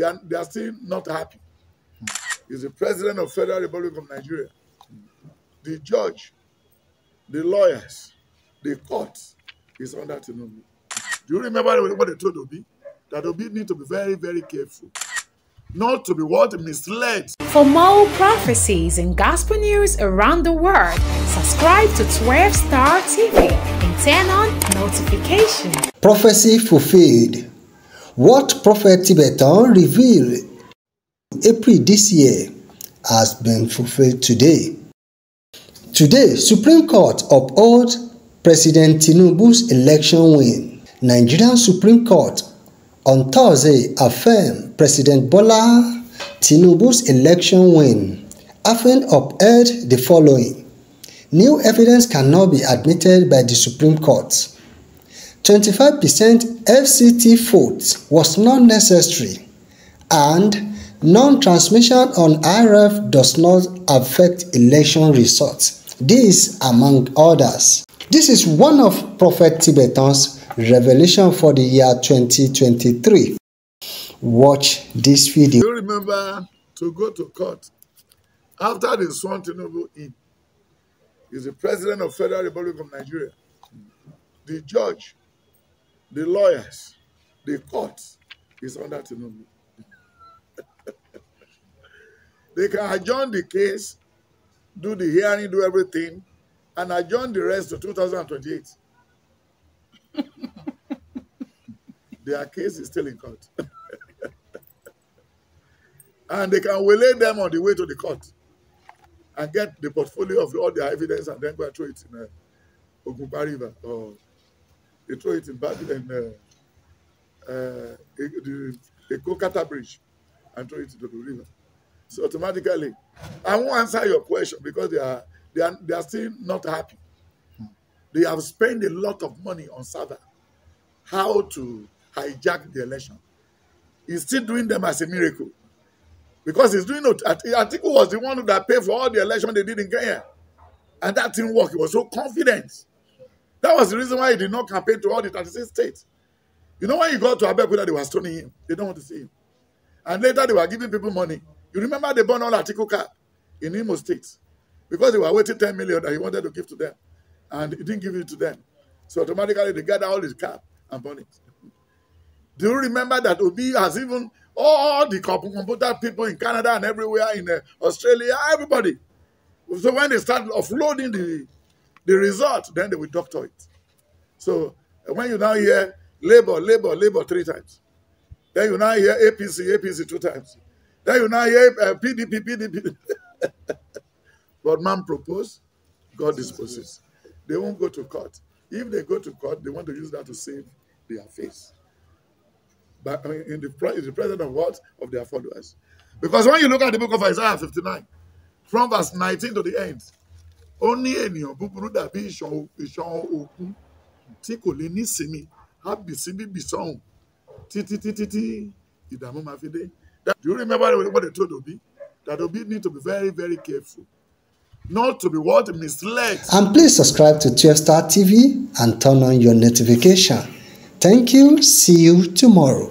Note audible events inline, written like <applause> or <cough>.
They are, they are still not happy. He's the president of Federal Republic of Nigeria. The judge, the lawyers, the court is under Tinubu. Do you remember what they told Obi? That Obi need to be very, very careful. Not to be what misled. For more prophecies and gospel news around the world, subscribe to 12 Star TV and turn on notifications. Prophecy fulfilled. What Prophet Tibetan revealed in April this year has been fulfilled today. Today, Supreme Court upheld President Tinubu's election win. Nigerian Supreme Court on Thursday affirmed President Bola Tinubu's election win, having upheld the following. New evidence cannot be admitted by the Supreme Court. 25% FCT fault was not necessary and non-transmission on IRF does not affect election results. This among others. This is one of Prophet Tibetan's revelation for the year 2023. Watch this video. You remember to go to court after the sworn Tinubu in. He's the president of Federal Republic of Nigeria. The judge the lawyers, the court is under Tinubu. <laughs> they can adjourn the case, do the hearing, do everything, and adjourn the rest to 2028. <laughs> Their case is still in court. <laughs> and they can relay them on the way to the court and get the portfolio of all their evidence and then go and throw it in uh, Ogunpa River or they throw it in Babel and uh, uh, the, the Bridge and throw it into the river. So automatically, I won't answer your question because they are they are they are still not happy. Hmm. They have spent a lot of money on Sada how to hijack the election. He's still doing them as a miracle because he's doing it. Atiku was the one that paid for all the election they did in Kenya, and that didn't work. He was so confident That was the reason why he did not campaign to all the 36 states. You know, why he got to That they were stoning him. They don't want to see him. And later, they were giving people money. You remember they burned all Article car in Imo State because they were waiting 10 million that he wanted to give to them. And he didn't give it to them. So automatically, they gathered all his car and burn it. Do you remember that Obi has even all the computer people in Canada and everywhere in uh, Australia, everybody. So when they start offloading the the result, then they will doctor it. So uh, when you now hear labor, labor, labor three times, then you now hear APC, APC two times, then you now hear uh, PDP, PDP. <laughs> but man propose, God disposes. They won't go to court. If they go to court, they want to use that to save their face. But in the, in the presence of what? Of their followers. Because when you look at the book of Isaiah 59, from verse 19 to the end, ó ní ènìyàn búburú dàbí ìṣàn òkun tí kò lè nísinmi á bì sí bíbì sọ́hùn títí títí tí ìdààmú máa fi dé. Do you remember what they told Obi? That Obi need to be very very careful not to be what misled. And please subscribe to Twelve Star TV and turn on your notification. Thank you. See you tomorrow.